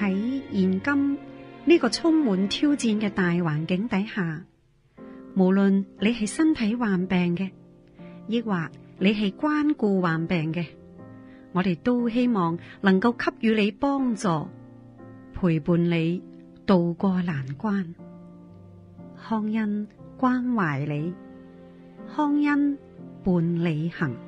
喺現今呢個充滿挑戰嘅大環境底下，無論你係身體患病嘅，亦或你係關顧患病嘅，我哋都希望能夠給予你幫助，陪伴你渡過難關。康恩關懷你，康恩伴你行。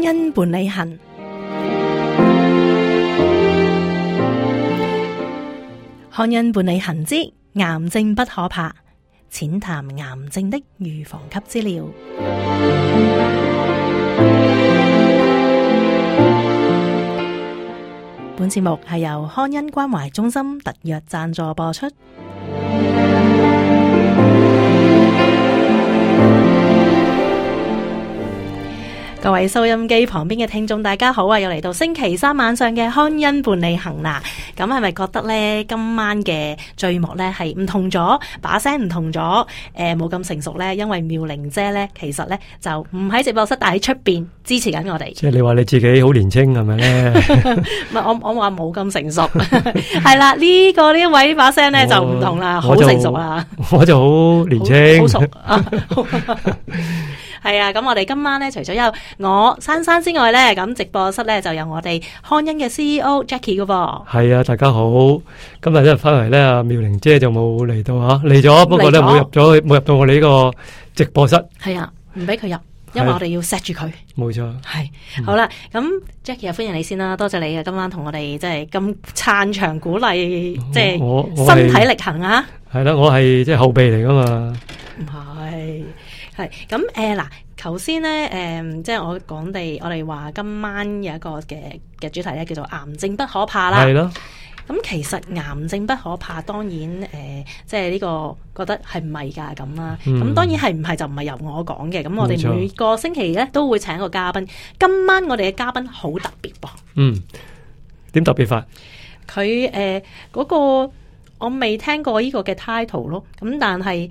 康恩伴你行，康恩伴你行之癌症不可怕，淺談癌症的預防及治療。本節目係由康恩關懷中心特約贊助播出。各位收音機旁邊嘅聽眾，大家好啊！又嚟到星期三晚上嘅康恩伴你行啦。咁係咪覺得呢？今晚嘅序幕呢，係唔同咗，把聲唔同咗？誒、呃，冇咁成熟呢，因為妙玲姐呢，其實呢，就唔喺直播室，但喺出邊支持緊我哋。即係你話你自己好年青係咪呢？ 我我話冇咁成熟。係 啦，呢、呢個呢一位把聲呢，我就唔同啦，好就成熟啊！我就好年青，好熟 係啊，咁我哋今晚咧，除咗有我珊珊之外咧，咁直播室咧就有我哋康恩嘅 CEO Jackie 噶噃。係啊，大家好，今日一翻嚟咧，阿妙玲姐就冇嚟到吓，嚟咗，不過咧冇入咗，冇入到我哋呢個直播室。係啊，唔俾佢入，因為我哋要 set 住佢。冇錯。係，好啦，咁 Jackie 啊，歡迎你先啦，多謝你啊，今晚同我哋即係咁撐場鼓勵，即係我身體力行啊。係啦，我係即係後備嚟噶嘛。唔係。係咁誒嗱，頭先咧誒，即係我講地，我哋話今晚有一個嘅嘅主題咧，叫做癌症不可怕啦。係咯。咁的、嗯、其實癌症不可怕，當然誒、呃，即係呢個覺得係唔係㗎咁啦。咁當然係唔係就唔係由我講嘅。咁我哋每個星期咧都會請一個嘉賓。今晚我哋嘅嘉賓好特別噃。嗯。點特別法？佢誒嗰個我未聽過呢個嘅 title 咯。咁但係。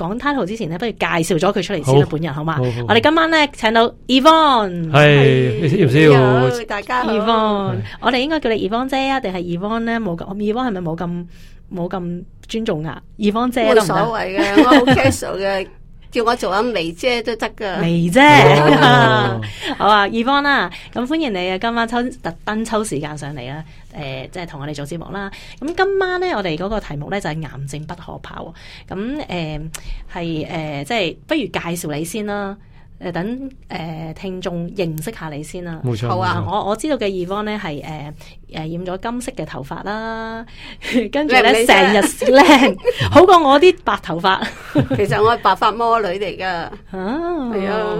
講 title 之前咧，不如介紹咗佢出嚟，先啦，本人好嘛？我哋今晚咧請到 Yvonne 係葉少，大家好，Yvonne 我哋應該叫你 Yvonne 姐啊，定係 Yvonne 咧？冇咁 Yvonne 係咪冇咁冇咁尊重啊 Yvonne 姐。冇所謂嘅，我好 casual 嘅，叫我做阿眉姐都得噶。眉姐，好啊 Yvonne 啦，咁歡迎你啊，今晚抽特登抽時間上嚟啊！誒、呃，即係同我哋做節目啦。咁、嗯、今晚咧，我哋嗰個題目咧就係癌症不可怕喎。咁誒係誒，即係不如介紹你先啦。誒，等誒聽眾認識下你先啦。冇錯，好啊我！我我知道嘅 Yvonne 咧係誒誒染咗金色嘅頭髮啦， 跟住咧成日靚，好過我啲白頭髮。其實我係白髮魔女嚟噶，係 啊！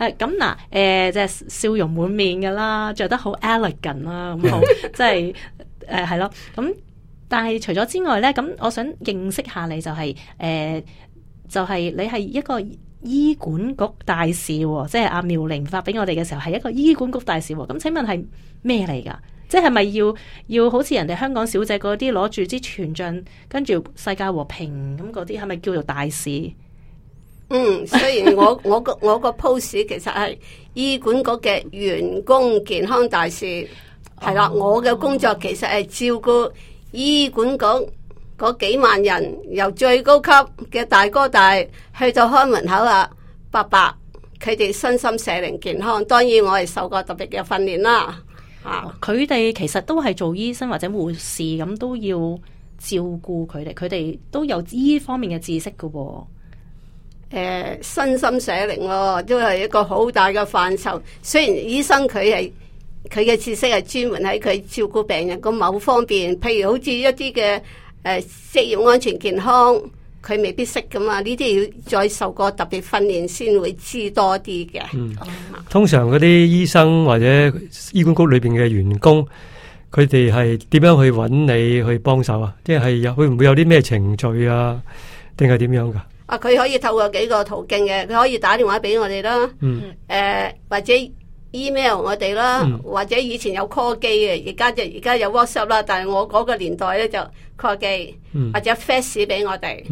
誒咁嗱誒，即係笑容滿面噶啦，着得好 elegant 啦，咁好，即係誒係咯。咁、呃、但係除咗之外咧，咁我想認識下你就係、是、誒、呃，就係、是、你係一個。醫管局大使，即係阿苗寧發俾我哋嘅時候，係一個醫管局大使。咁請問係咩嚟㗎？即係咪要要好似人哋香港小姐嗰啲攞住支權杖，跟住世界和平咁嗰啲，係咪叫做大使？嗯，雖然我我個我個 post 其實係醫管局嘅員工健康大使，係啦、 啊，我嘅工作其實係照顧醫管局。嗰幾萬人由最高級嘅大哥大去到開門口啊，伯伯，佢哋身心社靈健康，當然我係受過特別嘅訓練啦。啊，佢哋其實都係做醫生或者護士，咁都要照顧佢哋，佢哋都有呢方面嘅知識噶。哦。誒、呃，身心社靈咯，都係一個好大嘅範疇。雖然醫生佢係佢嘅知識係專門喺佢照顧病人個某方面，譬如好似一啲嘅。誒，職業安全健康，佢未必識噶嘛？呢啲要再受過特別訓練先會知多啲嘅。嗯，通常嗰啲醫生或者醫管局裏邊嘅員工，佢哋係點樣去搵你去幫手啊，即係有會唔會有啲咩程序啊？定係點樣噶？啊，佢可以透過幾個途徑嘅，佢可以打電話俾我哋啦。嗯，誒、啊，或者。Email 我哋啦，嗯、或者以前有 call 機嘅，而家就而家有 WhatsApp 啦。但係我嗰個年代咧就 call 機、嗯、或者 flash 俾我哋，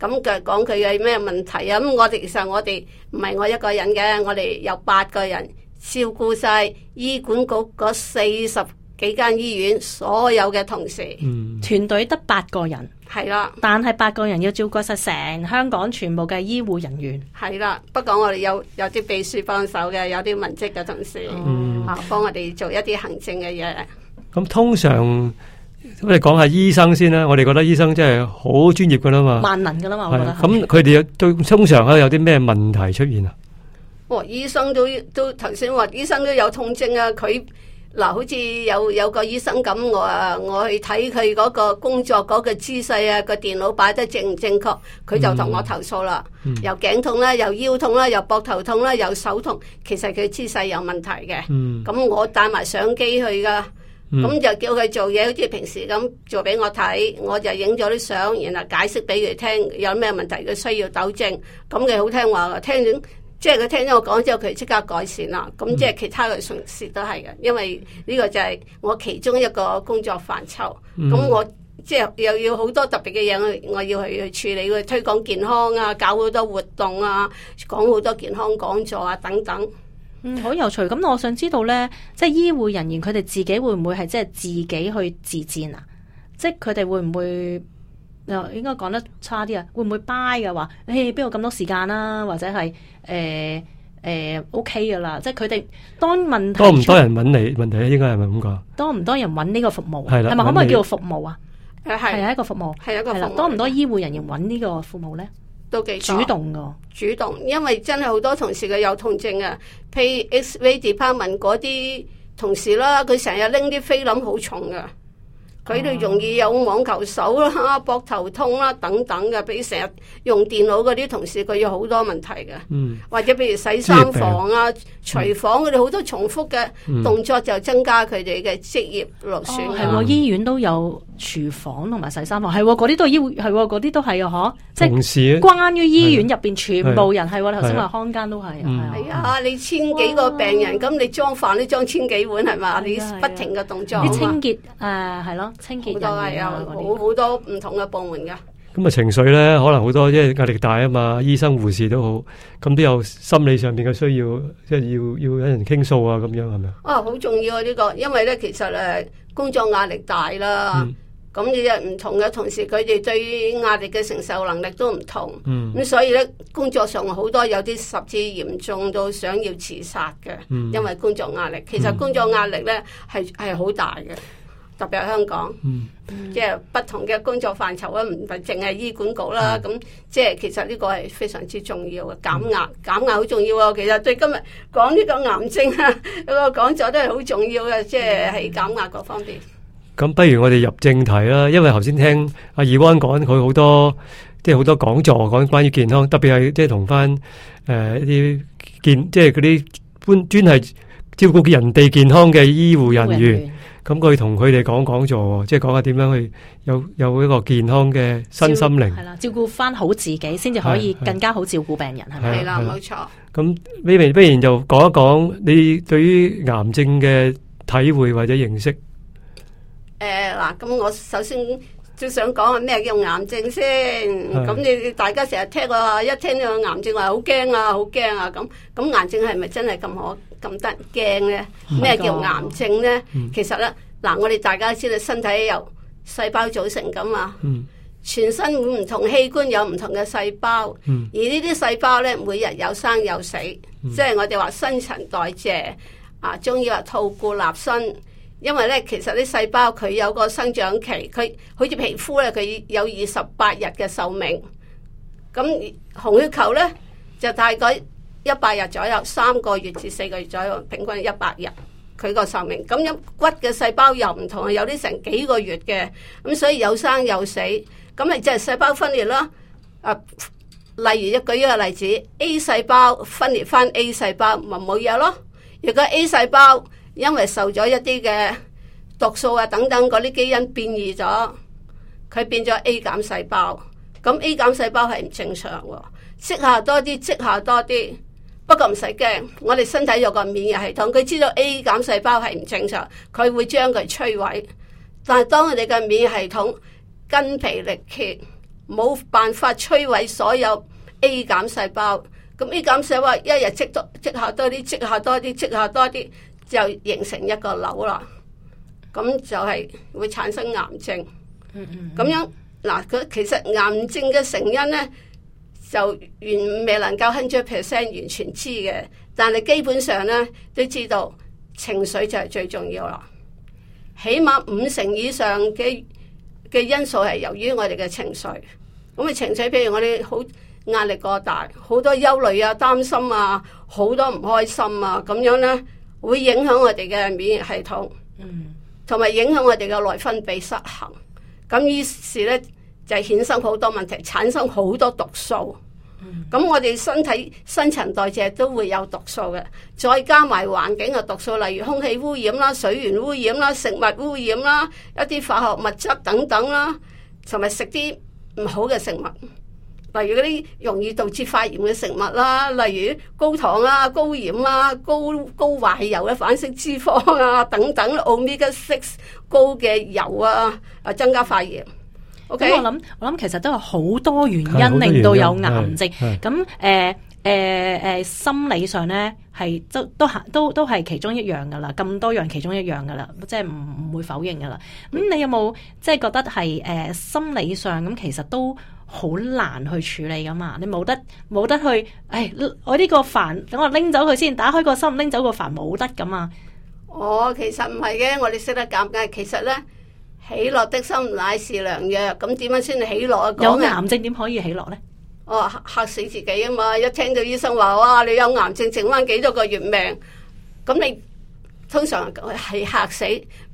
咁佢講佢有咩問題啊？咁、嗯、我哋其實我哋唔係我一個人嘅，我哋有八個人照顧晒醫管局嗰四十幾間醫院所有嘅同事，團隊得八個人。係啦，但係八個人要照顧晒成香港全部嘅醫護人員。係啦，不過我哋有有啲秘書幫手嘅，有啲文職嘅同事、嗯、啊，幫我哋做一啲行政嘅嘢。咁、嗯、通常咁你講下醫生先啦，我哋覺得醫生真係好專業噶啦嘛，萬能噶啦嘛，我覺得。咁佢哋都通常咧有啲咩問題出現啊？哦，醫生都都頭先話醫生都有痛症啊，佢。嗱、啊，好似有有個醫生咁，我啊我去睇佢嗰個工作嗰、嗰個姿勢啊，個電腦擺得正唔正確？佢就同我投訴啦，嗯、又頸痛啦、啊，又腰痛啦、啊，又膊頭痛啦、啊啊，又手痛。其實佢姿勢有問題嘅。咁、嗯、我帶埋相機去噶，咁、嗯、就叫佢做嘢，好似平時咁做俾我睇，我就影咗啲相，然後解釋俾佢聽有咩問題，佢需要糾正。咁佢好聽話噶，聽即係佢聽咗我講之後，佢即刻改善啦。咁即係其他嘅訊息都係嘅，因為呢個就係我其中一個工作範疇。咁我即係又要好多特別嘅嘢，我要去去處理去推廣健康啊，搞好多活動啊，講好多健康講座啊等等。嗯，好有趣。咁我想知道呢，即係醫護人員佢哋自己會唔會係即係自己去自戰啊？即係佢哋會唔會？就應該講得差啲啊，會唔會 buy 嘅話？誒，邊度咁多時間啦，或者係誒誒，OK 噶啦，即係佢哋當問題多唔多人揾你問題咧，應該係咪咁講？多唔多人揾呢個服務係係咪可唔可以叫做服務啊？係係一個服務，係一個係多唔多醫護人員揾呢個服務咧？都幾主動噶，主動，因為真係好多同事嘅有痛症啊，譬如 X-ray department 嗰啲同事啦，佢成日拎啲菲林好重噶。佢哋容易有網球手啦、膊頭痛啦等等嘅，比如成日用電腦嗰啲同事，佢有好多問題嘅。嗯。或者譬如洗衫房啊、廚房，佢哋好多重複嘅動作就增加佢哋嘅職業落損職業勞損。哦，係喎，醫院都有廚房同埋洗衫房，係喎，嗰啲都係醫喎，嗰啲都係啊，嗬。同事。即關於醫院入邊全部人係喎，頭先話看更都係啊。係啊，你千幾個病人，咁你裝飯都裝千幾碗係嘛？你不停嘅動作。啲清潔，誒係咯。清潔工、啊，好好多唔、啊、同嘅部門噶。咁啊，情緒咧，可能好多，因為壓力大啊嘛。醫生、護士都好，咁都有心理上面嘅需要，即係要要有人傾訴啊，咁樣係咪啊？啊，好重要啊！呢、這個，因為咧，其實，誒，工作壓力大啦，咁亦唔同嘅同事，佢哋對於壓力嘅承受能力都唔同。咁、嗯嗯、所以咧，工作上好多有啲甚至嚴重到想要自殺嘅，嗯、因為工作壓力。其實工作壓力咧係係好大嘅。特別係香港，即係不同嘅工作範疇咧，唔淨係醫管局啦。咁即係其實呢個係非常之重要嘅，減壓減壓好重要啊！其實對今日講呢個癌症啊，個講座都係好重要嘅，即係係減壓各方面。咁不如我哋入正題啦，因為頭先聽 Yvonne 講佢好多，即係好多講座講關於健康，特別係即係同翻誒一啲健，即係嗰啲專係照顧人哋健康嘅醫護人員。咁佢同佢哋講講座，即係講下點樣去有有一個健康嘅身心靈係啦，照顧翻好自己，先至可以更加好照顧病人，係咪？係啦，冇錯。咁李明，不如就講一講你對於癌症嘅體會或者認識。誒，嗱，咁我首先。都想講係咩叫癌症先？咁你是大家成日聽個、啊，一聽呢個癌症話好驚啊，好驚啊！咁咁癌症係咪真係咁可咁得驚咧？咩、嗯、叫癌症咧？嗯、其實咧，嗱，我哋大家知道身體由細胞組成咁啊，嗯、全身唔同器官有唔同嘅細胞，嗯、而呢啲細胞咧，每日有生有死，嗯嗯、即係我哋話新陳代謝啊，鍾意話吐故納新。因為咧，其實啲細胞佢有個生長期，佢好似皮膚咧，佢有二十八日嘅壽命。咁紅血球咧就大概一百日左右，三個月至四個月左右，平均一百日佢個壽命。咁樣骨嘅細胞又唔同，有啲成幾個月嘅。咁所以有生有死，咁咪即係細胞分裂咯。啊，例如一舉一個例子，A 細胞分裂翻 A 細胞咪冇嘢咯。如果 A 細胞。因為受咗一啲嘅毒素啊，等等嗰啲基因變異咗，佢變咗 A 減細胞。咁 A 減細胞係唔正常，積下多啲，積下多啲。不過唔使驚，我哋身體有個免疫系統，佢知道 A 減細胞係唔正常，佢會將佢摧毀。但係當我哋嘅免疫系統筋疲力竭，冇辦法摧毀所有 A 減細胞，咁 A 減細胞一日積多積下多啲，積下多啲，積下多啲。就形成一個瘤啦，咁就係會產生癌症。咁 樣嗱，佢其實癌症嘅成因咧，就未能夠 hundred percent 完全知嘅，但係基本上咧都知道情緒就係最重要啦。起碼五成以上嘅嘅因素係由於我哋嘅情緒。咁、那、啊、個，情緒譬如我哋好壓力過大，好多憂慮啊、擔心啊、好多唔開心啊，咁樣咧。會影響我哋嘅免疫系統，同埋、mm hmm. 影響我哋嘅內分泌失衡。咁於是咧就衍生好多問題，產生好多毒素。咁、mm hmm. 我哋身體新陳代謝都會有毒素嘅，再加埋環境嘅毒素，例如空氣污染啦、水源污染啦、食物污染啦、一啲化學物質等等啦，同埋食啲唔好嘅食物。例如嗰啲容易導致發炎嘅食物啦，例如高糖啊、高鹽啊、高高環油嘅、啊、反式脂肪啊等等，Omega Six 高嘅油啊，啊增加發炎。咁、okay? 我諗我諗，其實都有好多原因令到有癌症。咁誒誒誒，心理上咧係都都都都係其中一樣噶啦，咁多樣其中一樣噶啦，即係唔會否認噶啦。咁你有冇即係覺得係誒、呃、心理上咁，其實都？好難去處理噶嘛，你冇得冇得去，誒，我呢個煩，等我拎走佢先，打開個心，拎走個煩，冇得噶嘛。哦，其實唔係嘅，我哋識得感恩。其實咧，喜樂的心乃是良藥。咁點樣先喜樂？有癌症點可以喜樂咧？哦，吓死自己啊嘛！一聽到醫生話哇，你有癌症，剩返幾多個月命，咁你通常係吓死，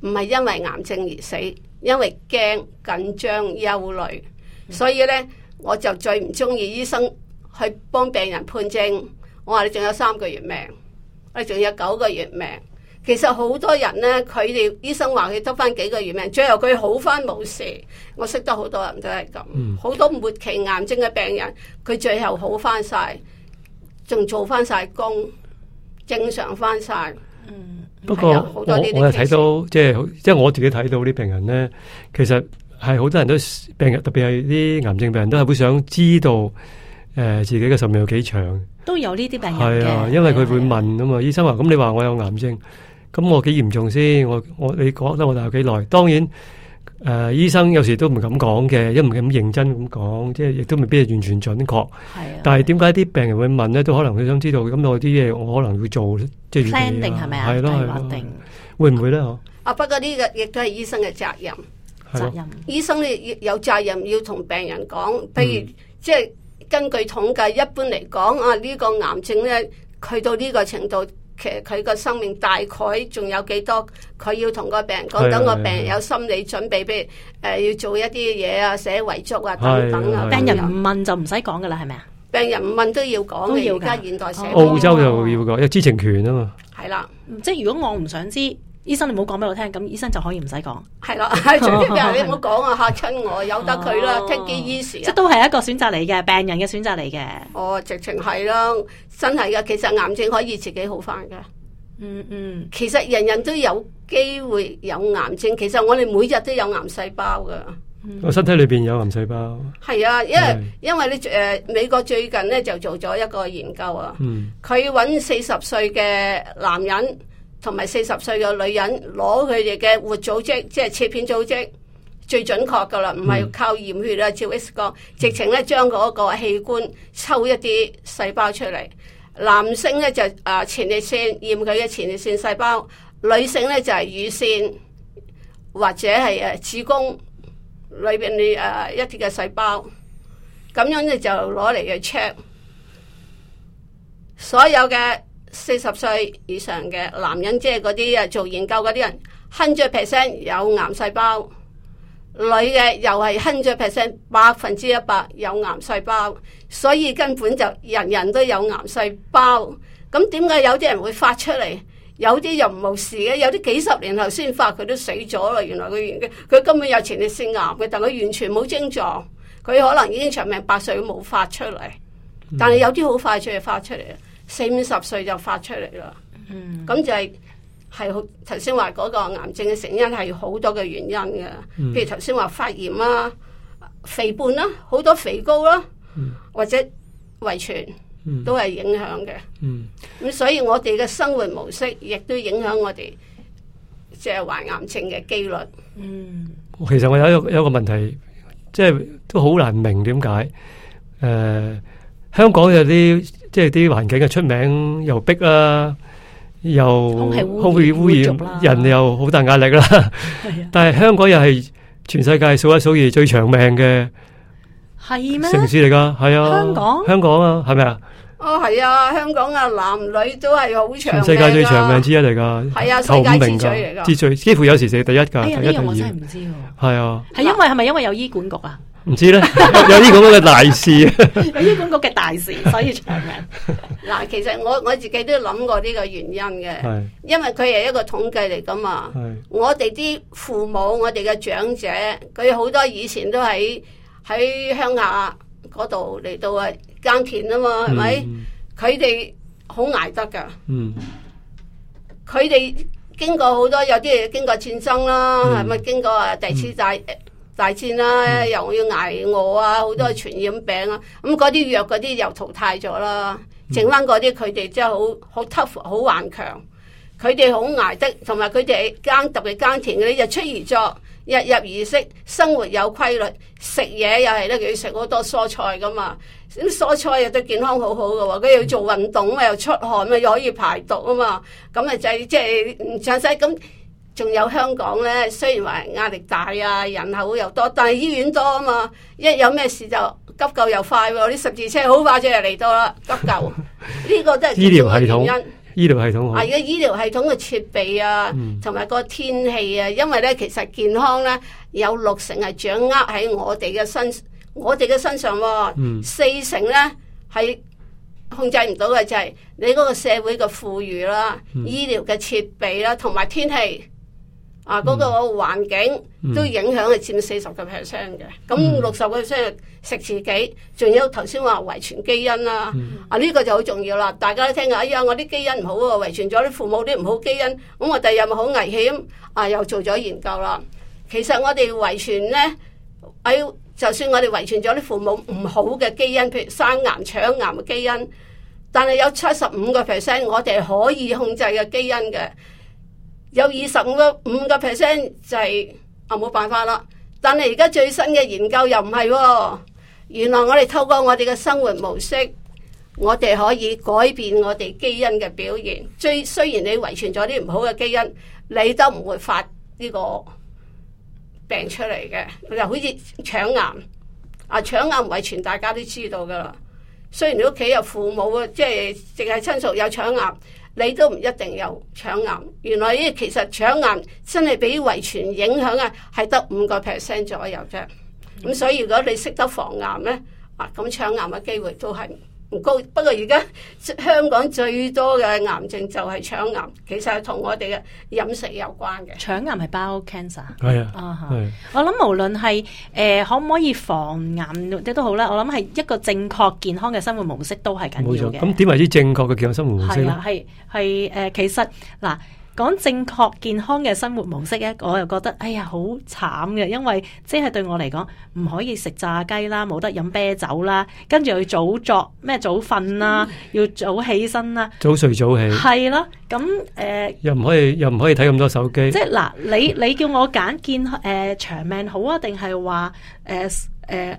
唔係因為癌症而死，因為驚、緊張、憂慮。所以咧，我就最唔中意醫生去幫病人判症。我話你仲有三個月命，我話你仲有九個月命。其實好多人咧，佢哋醫生話佢得翻幾個月命，最後佢好翻冇事。我識得好多人都係咁，好、嗯、多末期癌症嘅病人，佢最後好翻晒，仲做翻晒工，正常翻晒。嗯，不過、嗯、我我睇到即係即係我自己睇到啲病人咧，其實。係好多人都病人，特別係啲癌症病人都係會想知道，誒，自己嘅壽命有幾長。都有呢啲病人啊，因為佢會問啊嘛。醫生話：，咁你話我有癌症，咁、啊、我幾嚴重先是的？我你我你覺得我仲有幾耐？當然，誒、呃，醫生有時都唔敢講嘅，一唔敢認真咁講，即係亦都未必係完全準確。是的 但係點解啲病人會問咧？都可能佢想知道咁我啲嘢，我可能會做即係 plan 定係咪啊？係會唔會咧、啊？啊，不過呢個亦都係醫生嘅責任。責任，醫生咧，有責任要同病人講，譬如即係根據統計，一般嚟講啊呢個癌症咧，去到呢個程度，其實佢個生命大概仲有幾多，佢要同個病人講，等個病人有心理準備，譬如誒要做一啲嘢啊，寫遺囑啊等等啊。病人唔問就唔使講噶啦，係咪啊？病人唔問都要講嘅，而家現代社會澳洲就要講有知情權啊嘛。係啦，即係如果我唔想知。醫生你唔好講俾我聽，咁醫生就可以唔使講。係啦，係最緊要你唔好講啊吓親我，由得佢啦，聽見醫生。即都係一個選擇嚟嘅，病人嘅選擇嚟嘅。哦，直情係咯，真係噶。其實癌症可以自己好翻噶。嗯嗯、mm。Hmm. 其實人人都有機會有癌症，其實我哋每日都有癌細胞噶。Mm hmm. 我身體裏邊有癌細胞。係啊，因為的因為咧，誒，美國最近咧就做咗一個研究啊。佢搵四十歲嘅男人。同埋四十歲嘅女人攞佢哋嘅活組織，即係切片組織最準確噶啦，唔係靠驗血啦照 X 光，直情咧將嗰個器官抽一啲細胞出嚟。男性咧就啊前列腺驗佢嘅前列腺細胞，女性咧就係、是、乳腺或者係誒子宮裏邊你誒一啲嘅細胞，咁樣咧就攞嚟嘅 check 所有嘅。四十歲以上嘅男人，即係嗰啲誒做研究嗰啲人，一百 percent 有癌細胞；女嘅又係一百 percent 百分之一百有癌細胞。所以根本就人人都有癌細胞。咁點解有啲人會發出嚟？有啲又唔冇事嘅，有啲幾十年後先發，佢都死咗啦。原來佢佢根本有前列腺癌嘅，但佢完全冇症狀。佢可能已經長命百歲，冇發出嚟。但係有啲好快就發出嚟。四五十歲就發出嚟啦，咁就係係好頭先話嗰個癌症嘅成因係好多嘅原因嘅，譬如頭先話發炎啊、肥胖啦、好多肥高啦，或者遺傳都係影響嘅。咁所以我哋嘅生活模式亦都影響我哋即係患癌症嘅機率。嗯，其實我有有有個問題，即係都好難明點解誒。香港有啲即係啲環境嘅出名又逼啦，又空氣污染，人又好大壓力啦。但係香港又係全世界數一數二最長命嘅，係咩城市嚟噶？係啊，香港香港啊，係咪啊？哦，係啊，香港啊，男女都係好長，世界最長命之一嚟噶，係啊，世界之最嚟噶，之最，幾乎有時食第一噶。哎呀，我真係唔知喎。係啊，係因為係咪因為有醫管局啊？唔知咧，有啲咁樣嘅大事，有啲咁樣嘅大事，所以長命。嗱。其實我我自己都諗過呢個原因嘅，因為佢係一個統計嚟噶嘛。我哋啲父母，我哋嘅長者，佢好多以前都喺喺鄉下嗰度嚟到啊耕田啊嘛，係咪？佢哋好捱得噶。嗯，佢哋經過好多有啲經過戰爭啦，係咪經過啊第二次？債？大戰啦、啊，又要挨餓啊，好多傳染病啊，咁嗰啲藥嗰啲又淘汰咗啦，剩翻嗰啲佢哋真係好好 tough，好頑強，佢哋好捱得，同埋佢哋耕特別耕田嗰啲，日出而作，日入而息，生活有規律，食嘢又係得佢食好多蔬菜噶嘛，咁蔬菜又對健康好好噶喎，佢要做運動啊，又出汗啊，又可以排毒啊嘛，咁啊就即係唔詳細咁。仲有香港咧，雖然話壓力大啊，人口又多，但係醫院多啊嘛。一有咩事就急救又快，啊，啲十字車好快就嚟到啦。急救呢 個都係重要原因。醫療系統，醫療系統啊，而家醫療系統嘅設備啊，同埋，嗯，個天氣啊，因為咧，其實健康咧有六成係掌握喺我哋嘅身，我哋嘅身上，啊。嗯，四成咧係控制唔到嘅，就係你嗰個社會嘅富裕啦，嗯，醫療嘅設備啦，啊，同埋天氣。啊！嗰、嗰個環境都影響係佔四十個 percent 嘅，咁六十個 percent 食自己，仲有頭先話遺傳基因啦。啊，呢、嗯啊呢個就好重要啦！大家都聽啊，哎呀，我啲基因唔好喎，遺傳咗啲父母啲唔好基因，咁我哋又咪好危險啊！又做咗研究啦。其實我哋遺傳咧，喺、哎、就算我哋遺傳咗啲父母唔好嘅基因，譬如生癌、腸癌嘅基因，但係有七十五個 percent 我哋可以控制嘅基因嘅。有二十五個五個 percent 就係啊冇辦法啦，但係而家最新嘅研究又唔係，原來我哋透過我哋嘅生活模式，我哋可以改變我哋基因嘅表現。最雖然你遺傳咗啲唔好嘅基因，你都唔會發呢個病出嚟嘅。就好似腸癌啊，腸癌遺傳大家都知道噶啦。雖然你屋企有父母啊，即係淨係親屬有腸癌。你都唔一定有腸癌，原來呢，其實腸癌真係俾遺傳影響啊，係得五個 percent 左右啫。咁所以如果你識得防癌咧，啊咁腸癌嘅機會都係唔高，不過而家香港最多嘅癌症就係腸癌，其實係同我哋嘅飲食有關嘅。腸癌係 bowel cancer 係啊，我諗無論係誒、呃、可唔可以防癌即都好啦。我諗係一個正確健康嘅生活模式都係緊要嘅。冇錯，咁點為之正確嘅健康生活模式？係啦，係係誒，其實嗱。講正確健康嘅生活模式咧，我又覺得哎呀好慘嘅，因為即係對我嚟講唔可以食炸雞啦，冇得飲啤酒啦，跟住又要早作咩早瞓啦，嗯、要早起身啦，早睡早起係啦，咁誒、呃、又唔可以又唔可以睇咁多手機，即係嗱你你叫我揀健誒、呃、長命好啊，定係話誒誒？呃呃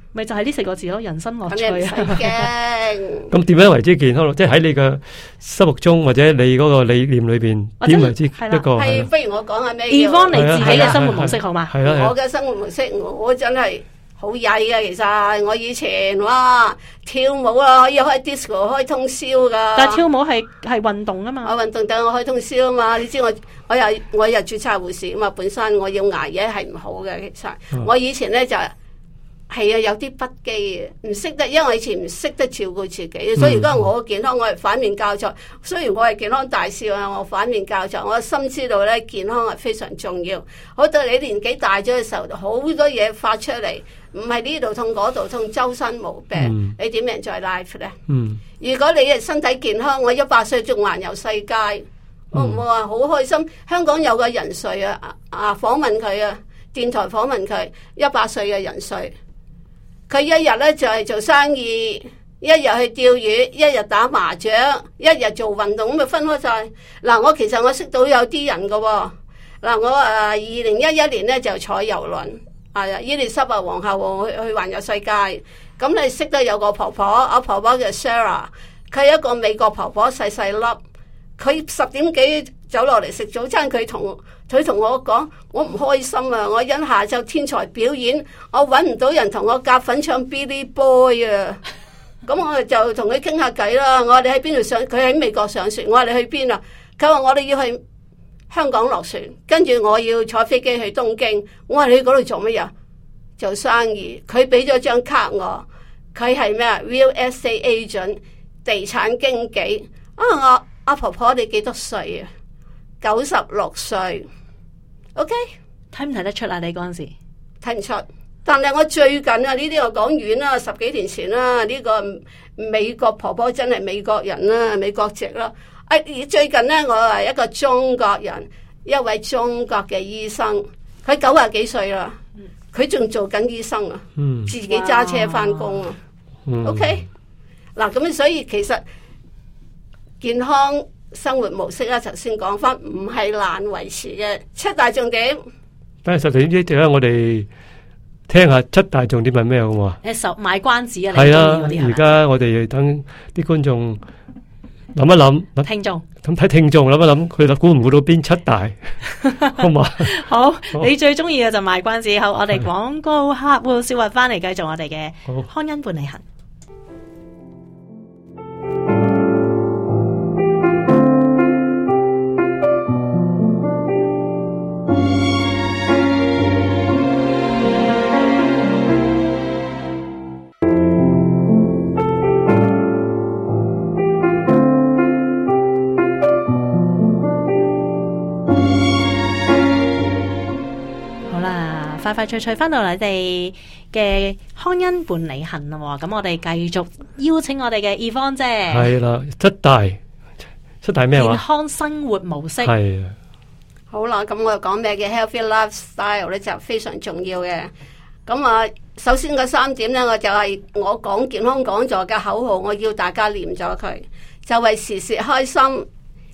咪就係呢四個字咯，人生樂趣係。咁點 樣為之健康咯？即係喺你嘅心目中或者你嗰個理念裏邊點為之一個？係不如我講下咩？Yvonne 你自己嘅生活模式好嘛？我嘅生活模式，我真係好曳啊！其實我以前哇，跳舞啊，可以開 disco 開通宵噶。但係跳舞係係運動啊嘛，我運動等我開通宵啊嘛。你知我我又我又註冊護士啊嘛，本身我要捱夜係唔好嘅。其實我以前咧、嗯、就。係啊，有啲不羈啊，唔識得，因為以前唔識得照顧自己，所以而家我嘅健康，我係反面教材。雖然我係健康大使啊，我反面教材，我心知道咧，健康係非常重要。好，到你年紀大咗嘅時候，好多嘢發出嚟，唔係呢度痛嗰度痛，周身冇病，你點樣再 life 咧？嗯，嗯如果你係身體健康，我一百歲仲環遊世界，我唔會話好開心。嗯、香港有個人瑞啊，啊訪問佢啊，電台訪問佢，一百歲嘅人瑞。佢一日咧就係做生意，一日去釣魚，一日打麻雀，一日做運動，咁咪分開晒。嗱，我其實我識到有啲人噶，嗱，我誒二零一一年咧就坐遊輪，係伊麗莎白皇后去去環遊世界，咁你識得有個婆婆，阿婆婆叫 Sarah，佢係一個美國婆婆，細細粒，佢十點幾。走落嚟食早餐，佢同佢同我講：我唔開心啊！我因下晝天才表演，我揾唔到人同我夾粉唱 Billy Boy 啊！咁 我就同佢傾下偈啦。我話你喺邊度上？佢喺美國上船。我話你去邊啊？佢話我哋要去香港落船，跟住我要坐飛機去東京。我話你去嗰度做乜嘢？做生意。佢俾咗張卡我，佢係咩啊？Real Estate Agent，地產經紀。啊，我阿、啊、婆婆你幾多歲啊？九十六歲，OK，睇唔睇得出啊？你嗰陣時睇唔出，但係我最近啊，呢啲我講遠啦，十幾年前啦、啊，呢、這個美國婆婆真係美國人啦、啊，美國籍咯、啊。啊、哎，最近咧，我係一個中國人，一位中國嘅醫生，佢九廿幾歲啦，佢仲、嗯、做緊醫生啊，嗯、自己揸車返工啊、嗯、，OK，嗱咁所以其實健康。生活模式啦，頭先講翻，唔係難維持嘅七大重點。等下十點之前咧，我哋聽下七大重點係咩嘅嘛？誒，十賣關子啊！係啦，而家我哋等啲觀眾諗一諗，聽眾咁睇聽眾諗一諗，佢估唔估到邊七大？好嘛？好，你最中意嘅就賣關子。好，我哋廣告客戶小云翻嚟繼續我哋嘅康恩伴你行。快快脆脆翻到嚟，你哋嘅康恩伴你行啊。咁我哋繼續邀請我哋嘅 Yvonne 姐，係啦，出大出大咩話？健康生活模式係啊，好啦，咁我講咩嘅 Healthy Lifestyle 咧就非常重要嘅。咁啊，首先個三點咧，就是、我就係我講健康講座嘅口號，我要大家念咗佢，就為、是、時時開心，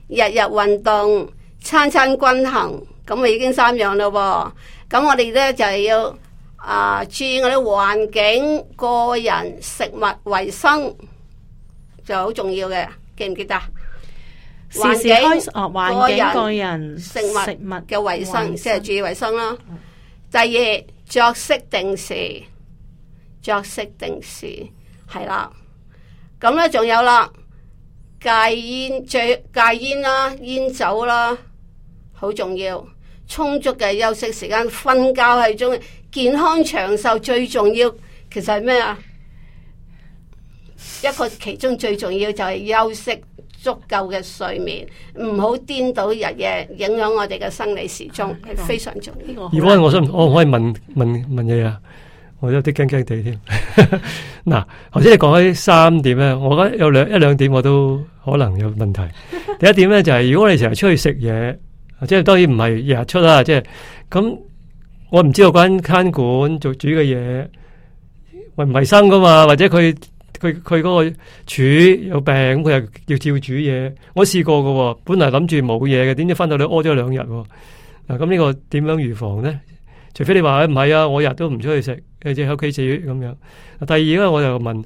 日日運動，餐餐均衡。咁我已經三樣咯喎，咁我哋咧就係要啊注意我啲環境、個人、食物、衛生就好重要嘅，記唔記得啊？環境、環境、哦、環境、個人、食物食物嘅衛生，即係注意衛生啦。嗯、第二作息定時，作息定時係啦。咁咧仲有啦，戒煙、最，戒煙啦，煙酒啦，好重要。充足嘅休息時間，瞓覺係中健康長壽最重要。其實係咩啊？一個其中最重要就係休息足夠嘅睡眠，唔好顛倒日夜，影響我哋嘅生理時鐘，係非常重要。如果我想，我可唔可以問問問嘢啊？我有啲驚驚地添。嗱，頭先你講開三點咧，我覺得有兩一兩點我都可能有問題。第一點咧就係，如果你成日出去食嘢。即係當然唔係日日出啦，即係咁我唔知道間餐館做,做煮嘅嘢，衛唔衛生噶嘛？或者佢佢佢嗰個廚有病，佢又要照煮嘢。我試過噶，本嚟諗住冇嘢嘅，點知翻到嚟屙咗兩日。嗱、啊、咁呢個點樣預防咧？除非你話唔係啊，我日都唔出去食，喺屋企煮咁樣。第二咧，我又問，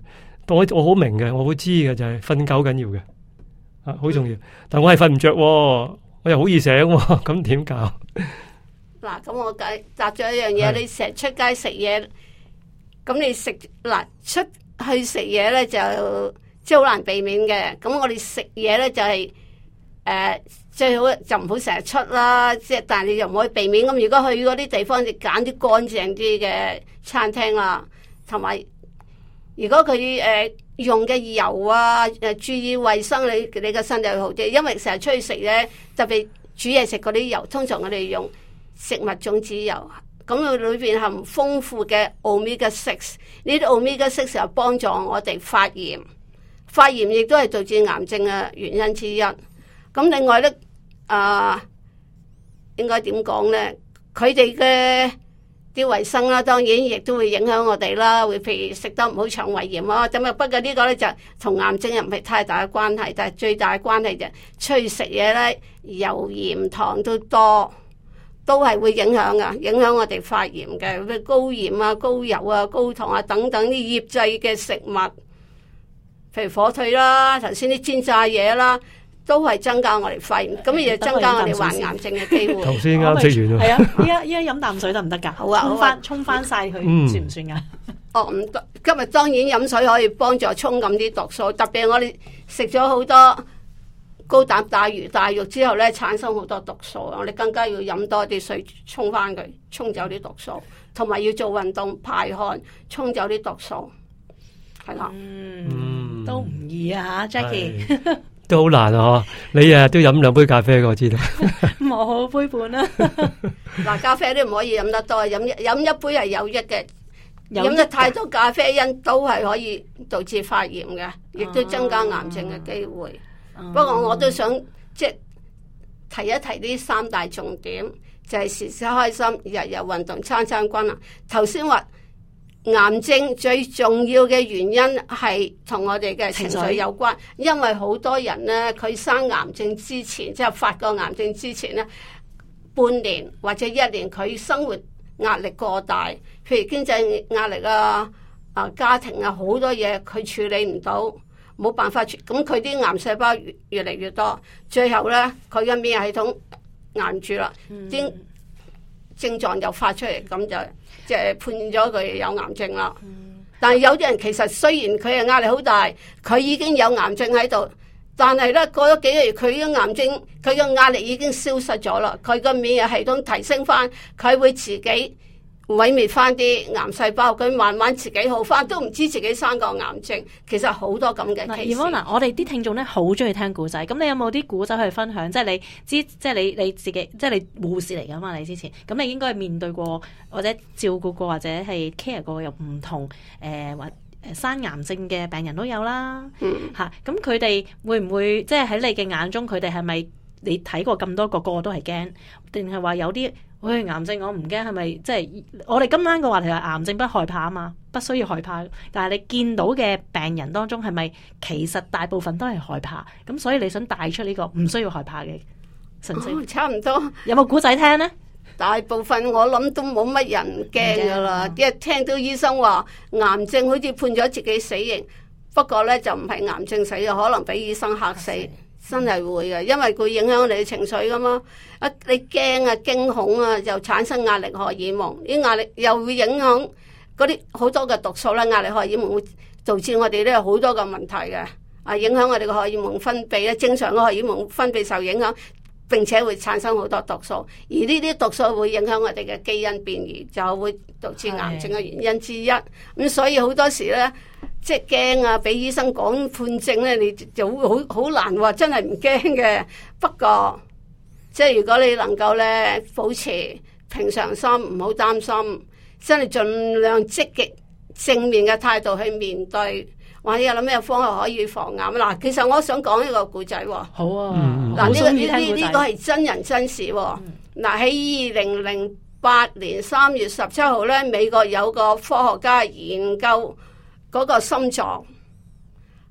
我我好明嘅，我好知嘅就係瞓覺緊要嘅，啊好重要，但我係瞓唔著。啊我又好易醒喎、啊，咁點搞？嗱，咁我計答咗一樣嘢，是你成日出街食嘢，咁你食嗱出去食嘢咧就即係好難避免嘅。咁我哋食嘢咧就係、是、誒、呃、最好就唔好成日出啦，即係但係你又唔可以避免。咁如果去嗰啲地方，你揀啲乾淨啲嘅餐廳啦、啊，同埋如果佢誒。呃用嘅油啊，誒，注意衛生，你你個身體會好啲。因為成日出去食咧，特別煮嘢食嗰啲油，通常我哋用食物種子油，咁佢裏邊含豐富嘅 omega six，呢啲 omega six 成日幫助我哋發炎，發炎亦都係導致癌症嘅原因之一。咁另外咧，啊，應該點講咧？佢哋嘅。啲衞生啦，當然亦都會影響我哋啦。會譬如食得唔好，腸胃炎喎。咁啊，不過呢個咧就同癌症又唔係太大嘅關係，但係最大嘅關係就出去食嘢咧，油鹽糖都多，都係會影響嘅，影響我哋發炎嘅，咩高鹽啊、高油啊、高糖啊等等啲醃製嘅食物，譬如火腿啦，頭先啲煎炸嘢啦。都係增加我哋肺，咁亦增加我哋患癌症嘅機會。頭先啱食完啊，係啊 完，依家依家飲啖水得唔得噶？好啊，好翻沖翻晒佢，嗯、算唔算啊？ 哦，唔得。今日當然飲水可以幫助沖咁啲毒素，特別係我哋食咗好多高膽大魚大肉之後咧，產生好多毒素，我哋更加要飲多啲水沖翻佢，沖走啲毒素，同埋要做運動排汗，沖走啲毒素。係啦，嗯，都唔易啊，Jackie。是 都好難啊。你啊都飲兩杯咖啡，我知道。冇杯半啦，嗱，咖啡都唔可以飲得多，飲飲一杯係有益嘅，飲得太多咖啡因都係可以導致發炎嘅，亦都增加癌症嘅機會。不過我都想即提一提呢三大重點，就係時時開心，日日運動，餐餐均衡。頭先話。癌症最重要嘅原因係同我哋嘅情緒有關，因為好多人咧，佢生癌症之前，即係發過癌症之前咧，半年或者一年，佢生活壓力過大，譬如經濟壓力啊、啊家庭啊好多嘢，佢處理唔到，冇辦法處理，咁佢啲癌細胞越嚟越多，最後咧，佢嘅免疫系統癌住啦，啲症狀又發出嚟，咁、嗯、就。就判咗佢有癌症啦，但係有啲人其實雖然佢係壓力好大，佢已經有癌症喺度，但係咧過咗幾個月，佢嘅癌症佢嘅壓力已經消失咗啦，佢個免疫系統提升返，佢會自己。毀滅翻啲癌細胞，佢慢慢自己好翻，都唔知自己生過癌症。其實好多咁嘅。Yvonne 嗱，我哋啲聽眾咧好中意聽古仔，咁你有冇啲古仔去分享？即係你知，即係你你自己，即係你護士嚟噶嘛？你之前咁，你應該係面對過或者照顧過或者係 care 過又唔同誒或、呃、生癌症嘅病人都有啦。吓咁、mm. 啊，佢哋會唔會即係喺你嘅眼中，佢哋係咪你睇過咁多個個都係驚，定係話有啲？喂、哎，癌症我唔驚，係咪即係我哋今晚個話題係癌症不害怕啊嘛？不需要害怕，但係你見到嘅病人當中係咪其實大部分都係害怕？咁所以你想帶出呢個唔需要害怕嘅信息，哦？差唔多有冇古仔聽呢？大部分我諗都冇乜人驚噶啦，嗯，一聽到醫生話癌症好似判咗自己死刑，不過呢就唔係癌症死啊，可能俾醫生嚇死。嚇死。真係會嘅，因為佢影響你嘅情緒㗎嘛。你啊，你驚啊驚恐啊，又產生壓力荷爾蒙。啲壓力又會影響嗰啲好多嘅毒素啦，壓力荷爾蒙會導致我哋都有好多嘅問題嘅。啊，影響我哋嘅荷爾蒙分泌咧，正常嘅荷爾蒙分泌受影響。並且會產生好多毒素，而呢啲毒素會影響我哋嘅基因變異，就會導致癌症嘅原因之一。咁的、嗯、所以好多時咧，即係驚啊！俾醫生講判症咧，你就好好好難話真係唔驚嘅。不過，即係如果你能夠咧保持平常心，唔好擔心，真係盡量積極正面嘅態度去面對。話有諗咩方法可以防癌？嗱，其實我想講一個故仔。好啊，嗱、嗯，呢呢呢呢都係真人真事。嗱、嗯，喺二零零八年三月十七號咧，美國有個科學家研究嗰個心臟，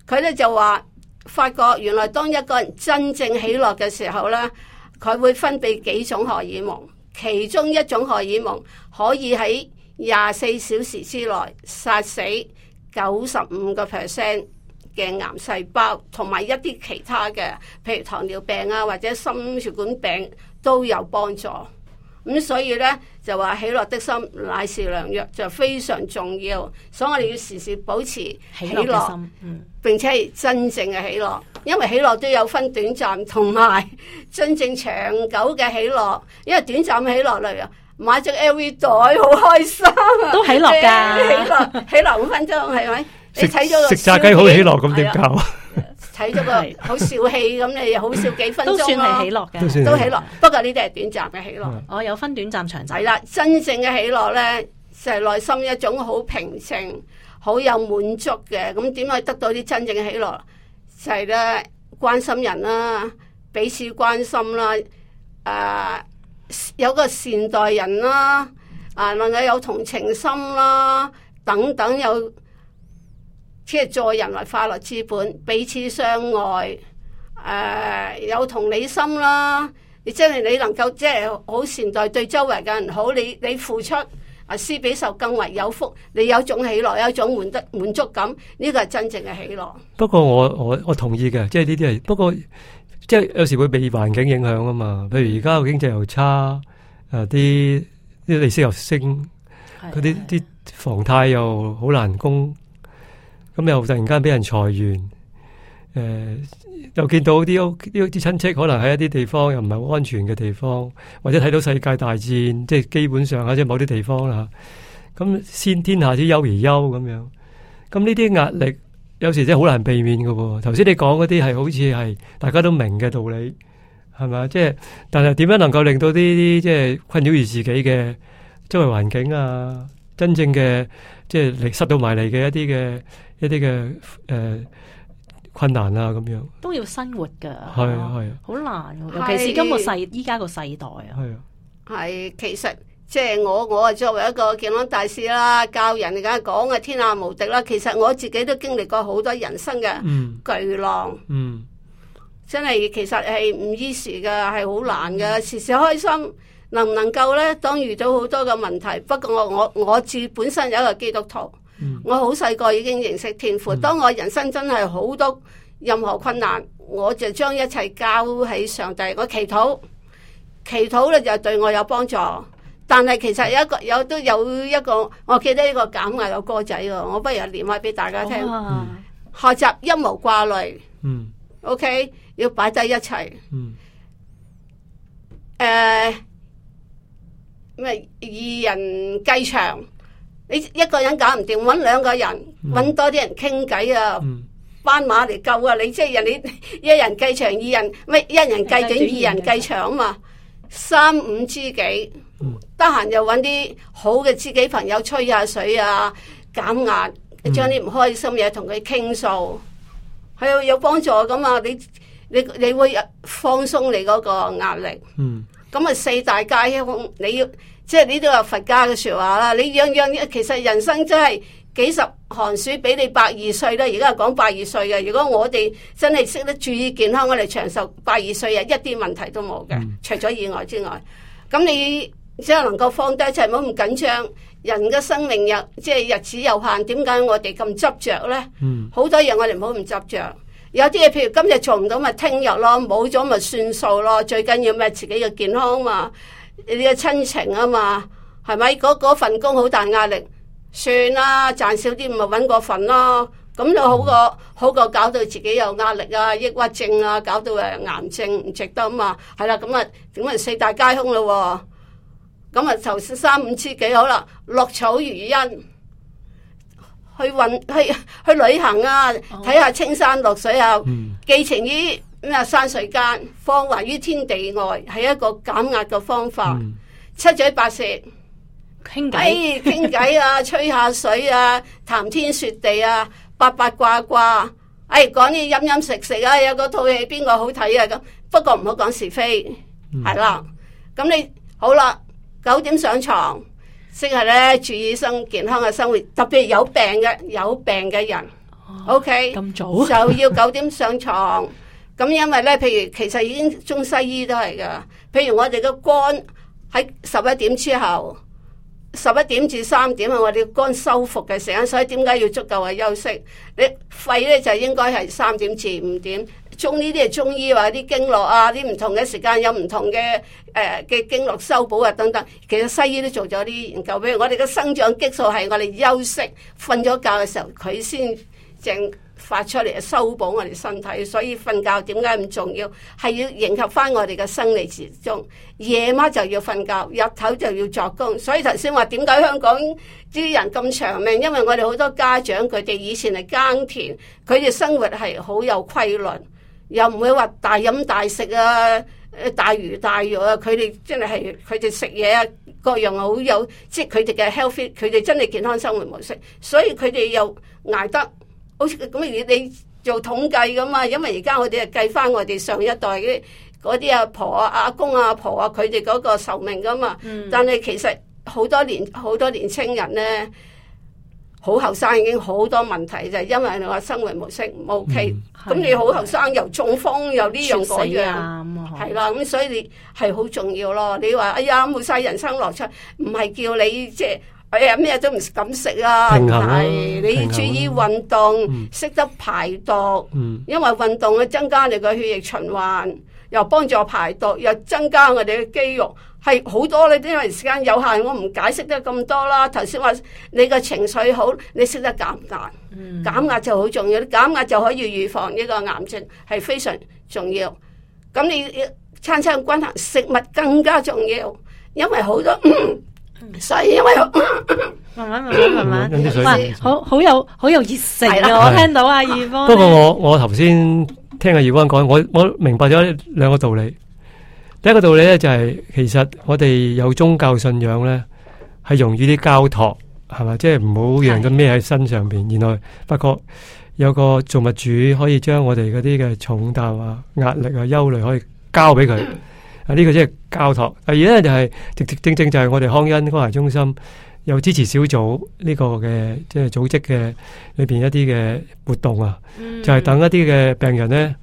佢咧就話發覺原來當一個人真正喜樂嘅時候咧，佢會分泌幾種荷爾蒙，其中一種荷爾蒙可以喺廿四小時之內殺死。九十五個 percent 嘅癌細胞同埋一啲其他嘅，譬如糖尿病啊或者心血管病都有幫助。咁、嗯、所以呢，就話喜樂的心乃是良藥就非常重要，所以我哋要時時保持喜樂，喜樂心嗯、並且係真正嘅喜樂，因為喜樂都有分短暫同埋真正長久嘅喜樂，因為短暫喜樂嚟啊。買隻 LV 袋，好開心啊！都喜樂㗎，喜樂，喜樂五分鐘係咪？你睇咗個食炸雞好喜樂咁，點搞啊？睇咗個好笑氣咁，你又好笑幾分鐘都算係喜樂嘅，都喜樂。不過呢啲係短暫嘅喜樂。我有分短暫長暫啦。真正嘅喜樂咧，就係內心一種好平靜、好有滿足嘅。咁點可以得到啲真正嘅喜樂？就係咧關心人啦，彼此關心啦，誒。有個善待人啦、啊，啊，或者有同情心啦、啊，等等有，有即係助人為快樂之本，彼此相愛，誒、啊，有同理心啦、啊，你即係你能夠即係好善待對周圍嘅人好，你你付出啊，施比受更為有福，你有種喜樂，有種滿得滿足感，呢個係真正嘅喜樂。不過我我我同意嘅，即係呢啲係不過。即係有時會俾環境影響啊嘛，譬如而家個經濟又差，誒，啲啲利息又升，嗰啲啲房貸又好難供，咁又突然間俾人裁員，誒又見到啲屋啲親戚可能喺一啲地方又唔係好安全嘅地方，或者睇到世界大戰，即係基本上或者某啲地方啦，咁先天下之憂而憂咁樣，咁呢啲壓力。有時真係好難避免嘅喎。哦，頭先你講嗰啲係好似係大家都明嘅道理，係咪啊？即係，但係點樣能夠令到呢啲即係困擾於自己嘅周圍環境啊？真正嘅即係嚟塞到埋嚟嘅一啲嘅一啲嘅誒困難啊咁樣，都要生活㗎，係啊係啊，好難，尤其是今個世依家個世代啊，係其實。即係我我啊，作為一個健康大使啦，教人梗係講嘅天下無敵啦。其實我自己都經歷過好多人生嘅巨浪，嗯嗯、真係其實係唔易事嘅，係好難嘅。嗯、時時開心，能唔能夠咧？當遇到好多嘅問題，不過我我我自本身有一個基督徒，嗯、我好細個已經認識天父。嗯、當我人生真係好多任何困難，我就將一切交喺上帝，我祈禱，祈禱咧就對我有幫助。但係其實有一個有都有一個，我記得呢個減壓有歌仔喎，我不如連埋俾大家聽。學習一無掛慮。嗯。O K，要擺低一切。嗯。誒，咩二人計長？你一個人搞唔掂，搵兩個人，搵多啲人傾偈啊，班馬嚟救啊！你即係人哋，一人計長，二人咩？一人計整，二人計長啊嘛。三五知己，得閒又揾啲好嘅知己朋友吹下水啊，減壓，將啲唔開心嘢同佢傾訴，係、嗯、有幫助㗎嘛，你你你會放鬆你嗰個壓力，咁啊、嗯、四大皆空，你要即係呢啲有佛家嘅說話啦。你樣樣其實人生真係。幾十寒暑俾你百二歲啦，而家講百二歲嘅。如果我哋真係識得注意健康，我哋長壽百二歲啊，一啲問題都冇嘅，除咗意外之外。咁你只係能夠放低一切，唔好咁緊張。人嘅生命又即係日子有限，點解我哋咁執着咧？好、嗯、多嘢，我哋唔好唔執着。有啲嘢，譬如今日做唔到，咪聽日咯，冇咗咪算數咯。最緊要咩？自己嘅健康啊嘛，你嘅親情啊嘛，係咪？嗰份工好大壓力。算啦，賺少啲咪搵個份咯，咁就好過好過搞到自己有壓力啊、抑鬱症啊，搞到誒癌症唔值得啊嘛。係啦，咁啊點解四大皆空咯？咁啊，就三五知己好啦，落草如茵，去運去去旅行啊，睇下青山綠水啊，寄情於咩山水間，放懷於天地外，係一個減壓嘅方法。七嘴八舌。傾偈，傾偈聊、 哎、啊，吹下水啊，談天說地啊，八八卦卦，哎，講啲飲飲食食啊，有個套戲邊個好睇啊咁。不過唔好講是非，係、嗯、啦。咁你好啦，九點上床，即係咧，注意生健康嘅生活。特別有病嘅，有病嘅人、啊、，OK，咁早就要九點上床。咁 因為咧，譬如其實已經中西醫都係噶，譬如我哋個肝喺十一點之後。十一點至三點啊，我哋肝修復嘅時間，所以點解要足夠啊休息？你肺咧就應該係三點至五點。中呢啲係中醫或者啲經絡啊，啲唔同嘅時間有唔同嘅誒嘅經絡修補啊等等。其實西醫都做咗啲研究，譬如我哋嘅生長激素係我哋休息瞓咗覺嘅時候，佢先正，發出嚟修補我哋身體，所以瞓覺點解咁重要？係要迎合翻我哋嘅生理時鐘。夜晚就要瞓覺，日頭就要作工。所以頭先話點解香港啲人咁長命？因為我哋好多家長佢哋以前係耕田，佢哋生活係好有規律，又唔會話大飲大食啊，大魚大肉啊。佢哋真係係佢哋食嘢啊，各樣好有，即係佢哋嘅 healthy，佢哋真係健康生活模式。所以佢哋又捱得。好似咁，你你做統計噶嘛？因為而家我哋啊，計翻我哋上一代嗰啲啲阿婆啊、阿公啊、阿婆啊，佢哋嗰個壽命噶嘛。嗯、但係其實好多年好多年青人咧，好後生已經好多問題就係、是、因為你話生活模式唔 OK。咁、嗯、你好後生又中風又呢樣嗰樣，係啦、啊。咁、嗯、所以你係好重要咯。你話哎呀冇晒人生樂趣，唔係叫你即係。哎呀，咩都唔敢食啊，係，你要注意運動，識得排毒，因為運動會增加你個血液循環，又幫助排毒，又增加我哋嘅肌肉，係好多咧。因為時間有限，我唔解釋得咁多啦。頭先話你個情緒好，你識得減壓，減壓就好重要。減壓就可以預防呢個癌症，係非常重要。咁你餐餐均衡，食物更加重要，因為好多。唔使，因為慢慢慢慢，慢好好有好有熱誠啊！的我聽到 Yvonne。不過我我頭先聽 Yvonne 講，我我,我明白咗兩個道理。第一個道理咧就係、是，其實我哋有宗教信仰咧，係容易啲交托，係咪？即係唔好讓咗咩喺身上邊。的原來不過有個造物主可以將我哋嗰啲嘅重擔啊、壓力啊、憂慮可以交俾佢。 呢個即係教堂。第二咧就係，正正正正就係我哋康恩關懷中心有支持小組呢個嘅，即係組織嘅裏邊一啲嘅活動啊。就係等一啲嘅病人咧，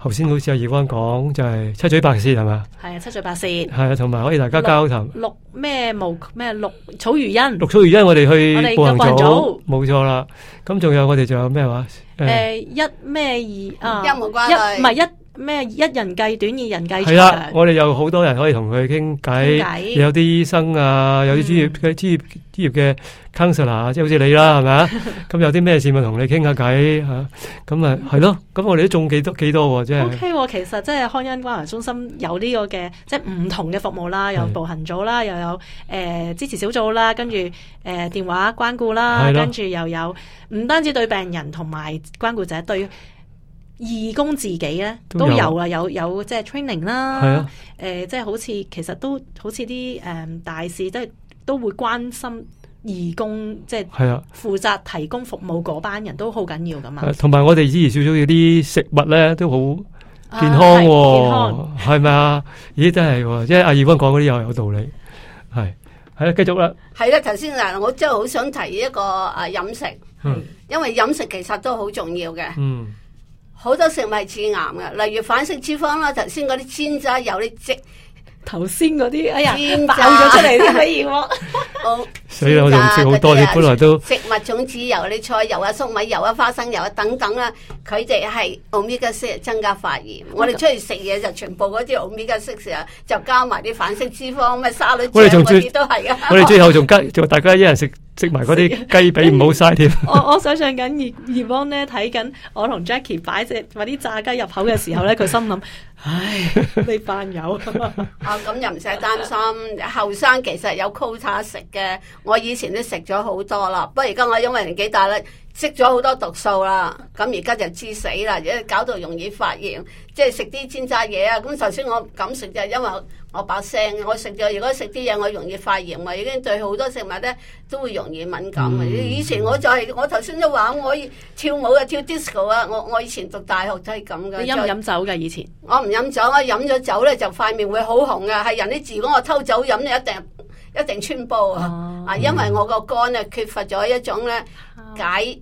頭先好似阿葉安講，就係七嘴八舌係嘛？係啊，七嘴八舌。係啊，同埋可以大家交談。六咩無咩綠草如茵？綠草如茵，我哋去。我哋步行組冇錯啦。咁仲有我哋仲有咩話？誒，一咩二啊？一冇關係。唔係一。咩一人計短，二人計長。係啦，我哋有好多人可以同佢傾偈，有啲醫生啊，有啲專業嘅專業專業嘅 counselor，即係好似你啦，係咪啊？咁有啲咩事咪同你傾下偈吓？咁啊，係咯。咁我哋都仲幾多幾多喎？即係 OK。其實即係康恩關懷中心有呢個嘅，即係唔同嘅服務啦，有步行組啦，又有誒支持小組啦，跟住誒電話關顧啦，跟住又有唔單止對病人同埋關顧者對。義工自己咧都有啊有，有有即係 training 啦，誒是、啊呃，即係好似其實都好似啲誒大使都都會關心義工，即係負責提供服務嗰班人都好緊要噶嘛。同埋、啊、我哋以前少少有啲食物咧都好健、啊啊、健康，係咪啊？咦，真係，即係阿義工講嗰啲又有道理，係係啦，繼、哎、續啦。係啦、啊，頭先嗱，我真係好想提一個誒飲食，嗯、因為飲食其實都好重要嘅。嗯嗯好多食物係致癌嘅，例如反式脂肪啦，頭先嗰啲煎炸油你積，頭先嗰啲哎呀，走咗出嚟啲可以喎。好 渣，所以我用詞好多，你本來都食物種子油、你菜油啊、粟米油啊、花生油啊等等啊，佢哋係 Omega six 增加發炎。Okay. 我哋出去食嘢就全部嗰啲 Omega six 成，C、就加埋啲反式脂肪咩沙律，我哋仲最都係啊！我哋最後仲 加，大家一人食。食埋嗰啲雞髀唔好晒添。我想像我想象緊，葉葉邦咧睇緊我同 Jackie 擺只買啲炸雞入口嘅時候咧，佢 心諗：唉，你扮友啊！咁、 啊、又唔使擔心。後生其實有 co 叉食嘅，我以前都食咗好多啦。不過而家我因為年紀大啦，識咗好多毒素啦，咁而家就知死啦，家搞到容易發炎，即係食啲煎炸嘢啊！咁首先我敢食就因為，我把聲，我食咗。如果食啲嘢，我容易發炎啊！已經對好多食物咧都會容易敏感啊！嗯、以前我就係、是、我頭先都話我可以跳舞啊，跳 disco 啊，我我以前讀大學都係咁噶。你飲唔飲酒嘅以前？我唔飲酒，我飲咗酒咧就塊面會好紅噶，係人啲字如果我偷酒飲，一定一定穿煲，哦、啊！啊、嗯，因為我個肝咧缺乏咗一種咧解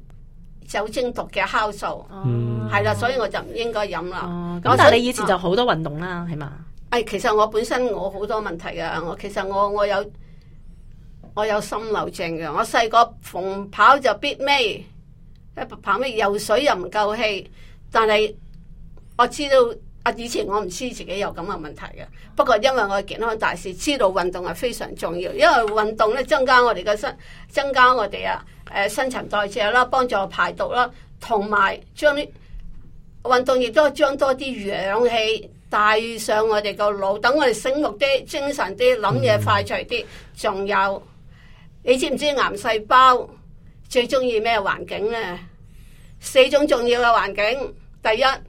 酒精毒嘅酵素，係啦、哦嗯，所以我就唔應該飲啦。咁、嗯嗯嗯嗯、但係你以前就好多運動啦，係嘛？誒、哎，其實我本身我好多問題嘅，我其實我我有我有心漏症嘅，我細個逢跑就必咩？跑咩游水又唔夠氣。但係我知道啊，以前我唔知自己有咁嘅問題嘅。不過因為我嘅健康大使，知道運動係非常重要，因為運動咧增加我哋嘅新，增加我哋啊誒新陳代謝啦，幫助排毒啦，同埋將運動亦都將多啲氧氣。帶上我哋個腦，等我哋醒目啲、精神啲、諗嘢快脆啲。仲、嗯、有，你知唔知癌細胞最中意咩環境呢？四種重要嘅環境，第一，癌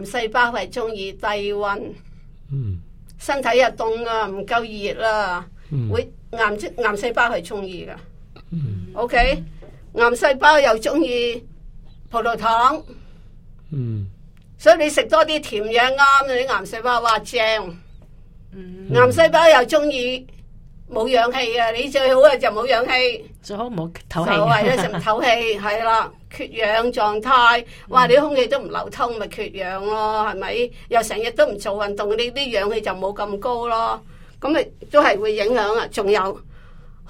細胞係中意低溫。嗯、身體又凍啊，唔夠熱啦，會、嗯、癌癌細胞係中意噶。嗯、OK，癌細胞又中意葡萄糖。嗯所以你食多啲甜嘢，啱啊，啲癌細胞話正，癌細胞又中意冇氧氣啊！你最好啊就冇氧氣，最好唔好唞氣，就係咧就唞氣係啦，缺氧狀態。哇！你啲空氣都唔流通咪缺氧咯，係咪？又成日都唔做運動，你啲氧氣就冇咁高咯。咁咪都係會影響啊！仲有。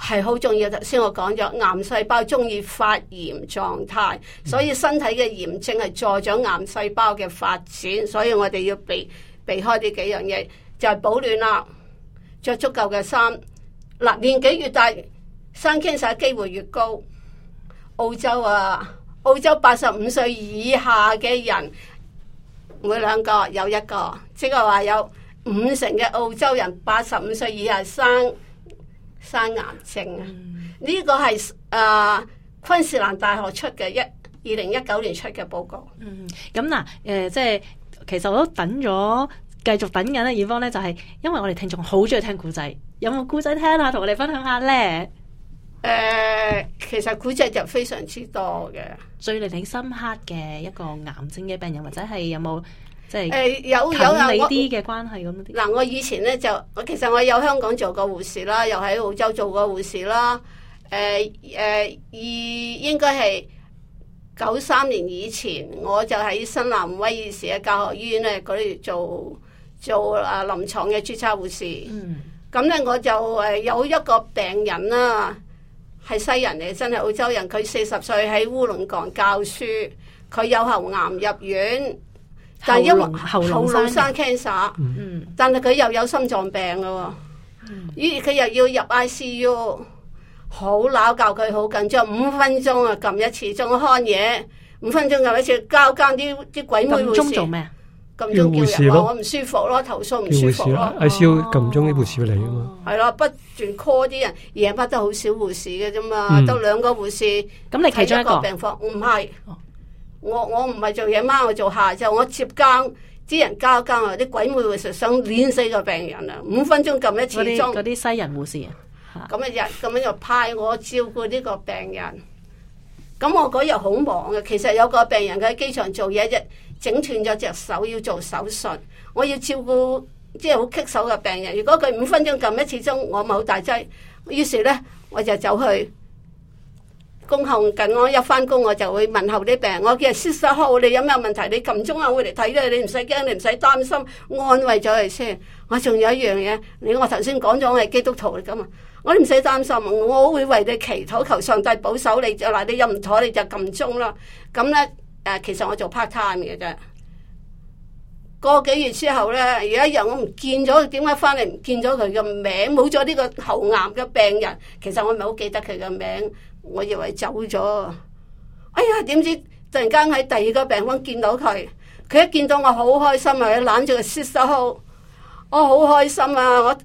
係好重要，頭先我講咗，癌細胞中意發炎狀態，所以身體嘅炎症係助咗癌細胞嘅發展，所以我哋要避避開呢幾樣嘢，就係、是、保暖啦，着足夠嘅衫。嗱，年紀越大，生 cancer 機會越高。澳洲啊，澳洲八十五歲以下嘅人，每兩個有一個，即係話有五成嘅澳洲人八十五歲以下生，生癌症啊！呢、嗯、個係誒昆士蘭大學出嘅一二零一九年出嘅報告。嗯，咁嗱誒，即係其實我都等咗，繼續等緊咧。Yvonne 咧，就係、是、因為我哋聽眾好中意聽古仔，有冇古仔聽啊？同我哋分享下咧。誒、呃，其實古仔就非常之多嘅。最令你深刻嘅一個癌症嘅病人或者係有冇？誒、呃，有有啊！啲嘅關係咁啲。嗱，我以前咧就，其實我有香港做過護士啦，又喺澳洲做過護士啦。誒、呃、誒，二、呃、應該係九三年以前，我就喺新南威爾士嘅教學醫院咧，嗰度做做啊臨牀嘅註冊護士。嗯。咁咧，我就誒有一個病人啦，係西人嚟，真係澳洲人。佢四十歲喺烏龍港教書，佢有喉癌入院。但係因為喉頭生 cancer，但係佢又有心臟病噶，佢、嗯、又要入 ICU，好鬧教佢好緊張，五分鐘啊撳一次鐘看嘢，五分鐘又一次，交更啲啲鬼妹護士。撳鐘做咩？撳鐘叫人話我唔舒服咯，投訴唔舒服咯。ICU 撳鐘啲護士嚟啊嘛。係咯、啊啊，不斷 call 啲人，夜晚都好少護士嘅啫嘛，都兩、嗯、個護士。咁你其中一個病房唔係？我我唔係做嘢貓，我做下就我接更，啲人交更。啊，啲鬼妹會想碾死個病人啊！五分鐘撳一次鐘，嗰啲西人護士啊，咁一日咁樣就派我照顧呢個病人。咁我嗰日好忙嘅，其實有個病人佢喺機場做嘢，日整斷咗隻手，要做手術，我要照顧即係好棘手嘅病人。如果佢五分鐘撳一次鐘，我冇大劑，於是咧我就走去。工後近我一翻工我就會問候啲病人，我叫 Susie 好，你有咩問題？你撳鐘啊，我會嚟睇啦，你唔使驚，你唔使擔心，安慰咗佢先。我仲有一樣嘢，你我頭先講咗，我係基督徒嚟噶嘛我唔使擔心，我會為你祈禱，求上帝保守你。就嗱，你又唔妥，你就撳鐘啦。咁咧，誒，其實我做 part time 嘅啫。個幾月之後咧，有一日我唔見咗，點解翻嚟唔見咗佢嘅名？冇咗呢個喉癌嘅病人，其實我唔係好記得佢嘅名。我以為走咗，哎呀！點知突然間喺第二個病房見到佢，佢一見到我好開心啊！攬住個手，我好開心啊！我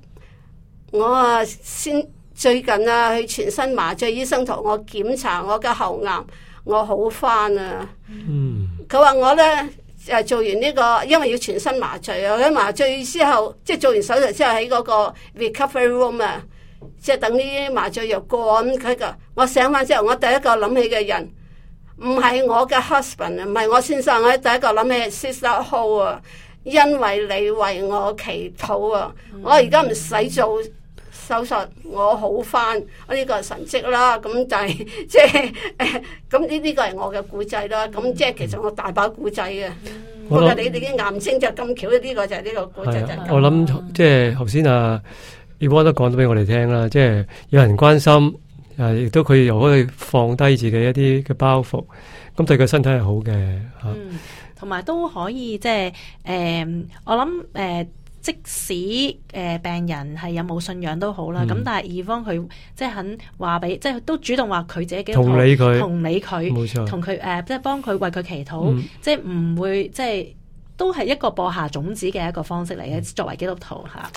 我啊，先最近啊，去全身麻醉，醫生同我檢查我嘅喉癌，我好返啦，啊。嗯，佢話我咧誒，做完呢，這個，因為要全身麻醉啊，我一麻醉之後即係做完手術之後喺嗰個 recovery room 啊。即係等呢啲麻醉藥過咁，佢個我醒翻之後，我第一個諗起嘅人唔係我嘅 husband，唔係我先生，我第一個諗起 sister Ho 啊，whole，因為你為我祈禱啊，我而家唔使做手術，我好翻，我呢個係神蹟啦，咁就係即係咁呢？呢個係我嘅古仔啦，咁即係其實我大把古仔嘅，你哋啲癌星就咁巧，呢個就係呢個古仔，我諗即係頭先啊。Yvonne 都講咗俾我哋聽啦，即係有人關心，誒，亦都可以又可以放低自己一啲嘅包袱，咁對佢身體係好嘅。嗯，同埋都可以即係，誒、呃，我諗，誒、呃，即使誒病人係有冇信仰都好啦，咁、嗯、但係 Yvonne 佢即係肯話俾，即係都主動話佢自己基督徒，同理佢，同理佢，冇錯錯，同佢誒、呃，即係幫佢為佢祈禱，嗯、即係唔會，即係都係一個播下種子嘅一個方式嚟嘅，作為基督徒吓。啊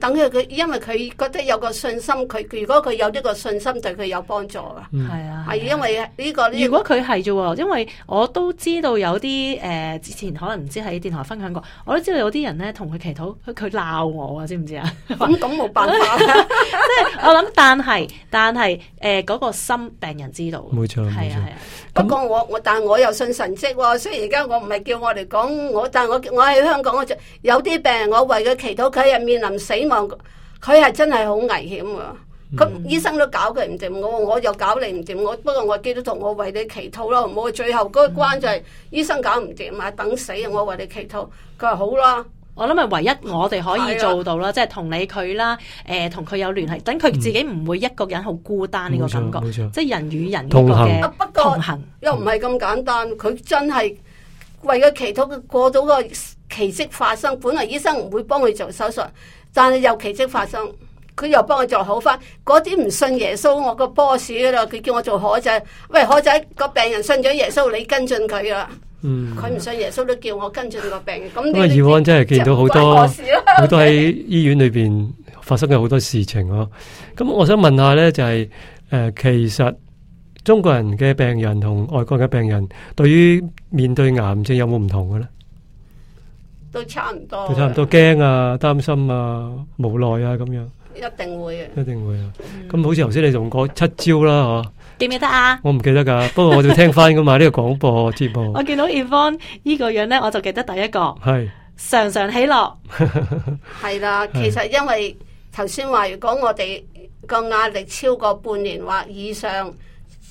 等佢佢，因為佢覺得有個信心，佢如果佢有呢個信心，對佢有幫助啊。係啊，係因為呢個呢。如果佢係啫，因為我都知道有啲誒，之前可能唔知喺電台分享過，我都知道有啲人咧，同佢祈禱，佢佢鬧我啊，知唔知啊？咁咁冇辦法，即係我諗，但係但係誒，嗰個心病人知道，冇錯，係啊係啊。不過我我，但我又信神跡喎。雖然而家我唔係叫我嚟講我，但係我我喺香港，我有啲病人，我為佢祈禱，佢係面臨希望佢係真係好危險啊！咁、嗯、醫生都搞佢唔掂，我我又搞你唔掂，我不過我基督徒，我為你祈禱咯。我最後嗰個關就係醫生搞唔掂啊，嗯、等死，我為你祈禱。佢話好啦，我諗咪唯一我哋可以做到啦，即係同你佢啦，誒、呃，同佢有聯繫，等佢自己唔會一個人好孤單呢、嗯、個感覺，即係人與人嘅。同行，不過同行又唔係咁簡單，佢真係為佢祈禱。過到個奇蹟發生，本來醫生唔會幫佢做手術。但係又奇跡發生，佢又幫我做好翻。嗰啲，唔信耶穌，我個 boss 啦，佢叫我做可仔。喂，可仔個病人信咗耶穌，你跟進佢啦。嗯，佢唔信耶穌都叫我跟進個病。咁，呢個意外真係見到好多好多喺醫院裏邊發生嘅好多事情哦。咁我想問下咧，就係誒，其實中國人嘅病人同外國嘅病人對於面對癌症有冇唔同嘅咧？都差唔多，都差唔多驚啊、擔心啊、無奈啊咁樣，一定會啊，一定會啊。咁好似頭先你仲講七招啦，嗬，記唔記得啊？我唔記得噶，不過我要聽翻噶嘛呢個廣播節目。我見到 Yvonne 依個樣咧，我就記得第一個係常常喜樂，係啦。其實因為頭先話，如果我哋個壓力超過半年或以上。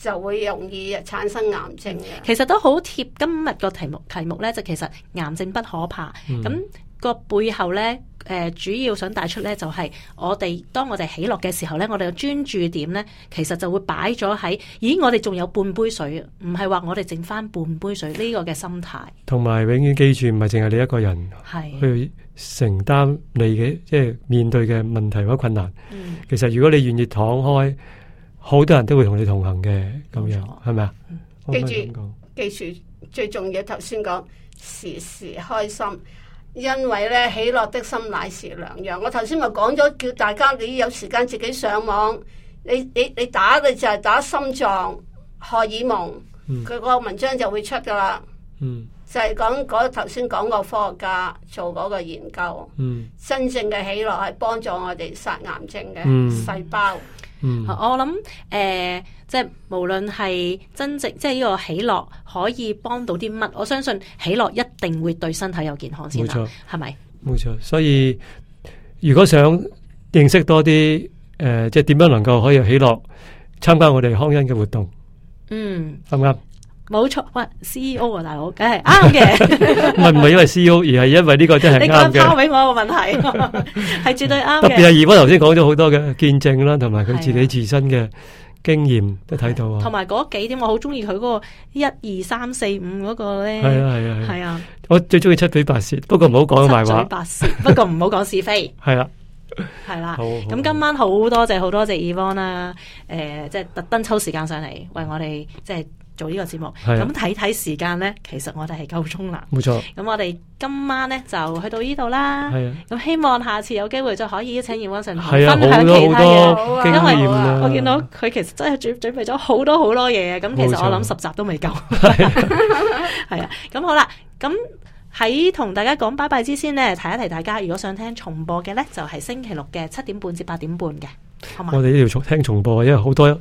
就會容易產生癌症，其實都好貼今日個題目。題目呢就其實癌症不可怕，咁、嗯、個背後呢，誒、呃，主要想帶出呢就係、是、我哋當我哋起落嘅時候呢，我哋嘅專注點呢，其實就會擺咗喺，咦，我哋仲有半杯水，唔係話我哋剩返半杯水呢，這個嘅心態，同埋永遠記住唔係淨係你一個人去承擔你嘅即係面對嘅問題或者困難。嗯、其實如果你願意敞開。好多人都會同你同行嘅，咁樣係咪啊？記住，記住最重要。頭先講時時開心，因為咧，喜樂的心乃是良藥。我頭先咪講咗，叫大家你有時間自己上網，你你你打，嘅就係打心臟荷爾蒙。佢嗰、嗯、個文章就會出噶啦。嗯、就係講嗰頭先講個科學家做嗰個研究，嗯、真正嘅喜樂係幫助我哋殺癌症嘅細胞。嗯嗯嗯、我諗誒、呃，即係無論係增值，即係呢個喜樂可以幫到啲乜？我相信喜樂一定會對身體有健康先啦，冇錯，係咪？冇錯，所以如果想認識多啲誒、呃，即係點樣能夠可以喜樂，參加我哋康恩嘅活動，嗯啱啱，啱唔啱？冇錯，喂，C E O 啊，大佬，梗係啱嘅。唔係唔係因為 C E O，而係因為呢個真係啱嘅。你交拋俾我個問題，係絕對啱嘅。特別係 Yvonne 頭先講咗好多嘅見證啦，同埋佢自己自身嘅經驗都睇到啊。同埋嗰幾點，我好中意佢嗰個一二三四五嗰個咧。係啊係啊係啊。我最中意七嘴八舌，不過唔好講壞話。七嘴八舌，不過唔好講是非。係啦，係啦。咁今晚好多謝好多謝 Yvonne 啦。誒，即係特登抽時間上嚟為我哋即係。做呢個節目，咁睇睇時間呢，其實我哋係夠鐘啦。冇錯，咁我哋今晚呢就去到呢度啦。咁希望下次有機會就可以請 Yvonne 分享其他嘢，因為我見到佢其實真係準準備咗好多好多嘢，咁其實我諗十集都未夠。係啊，咁好啦，咁喺同大家講拜拜之前呢，提一提大家，如果想聽重播嘅呢，就係星期六嘅七點半至八點半嘅。我哋要重聽重播，因為好多。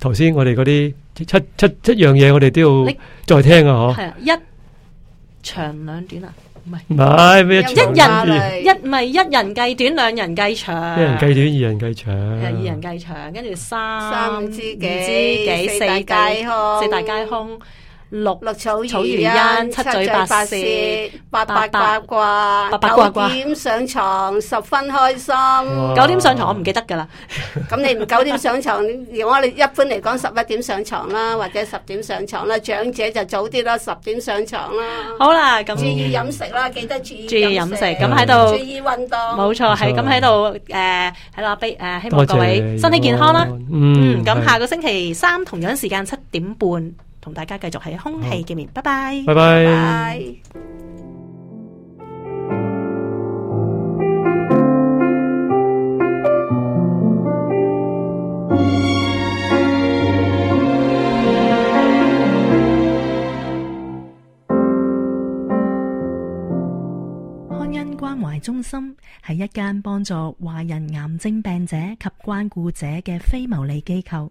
頭先我哋嗰啲七七七樣嘢，我哋都要再聽啊！嗬，一長兩短啊，唔係唔係咩？一人一唔係一人計短，兩人計長，一人計短，二人計長，又二人計長，跟住三三知己幾四大四大皆空。六六草草原因，七嘴八舌，八八卦，八八卦，九點上床十分開心。九點上床我唔記得噶啦。咁你唔九點上床，如果我哋一般嚟講十一點上床啦，或者十點上床啦。長者就早啲啦，十點上床啦。好啦，咁注意飲食啦，記得注意。注意飲食，咁喺度。注意運動。冇錯，係咁喺度。誒，喺度，誒，希望各位身體健康啦。嗯，咁下個星期三同樣時間七點半。同大家繼續喺空氣見面，拜拜，拜拜。康恩關懷中心係一間幫助華人癌症病者及關顧者嘅非牟利機構。